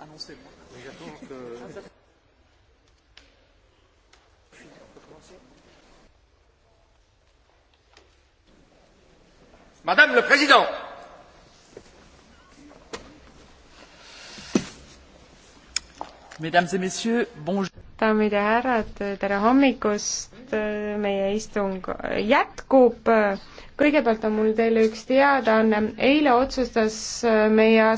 annoncez-moi. Mais j'attends que... Madame le Président, Mesdames et Messieurs, bonjour. daamid ja härrad, tere hommikust, meie istung jätkub. kõigepealt on mul teile üks teadaanne, eile otsustas meie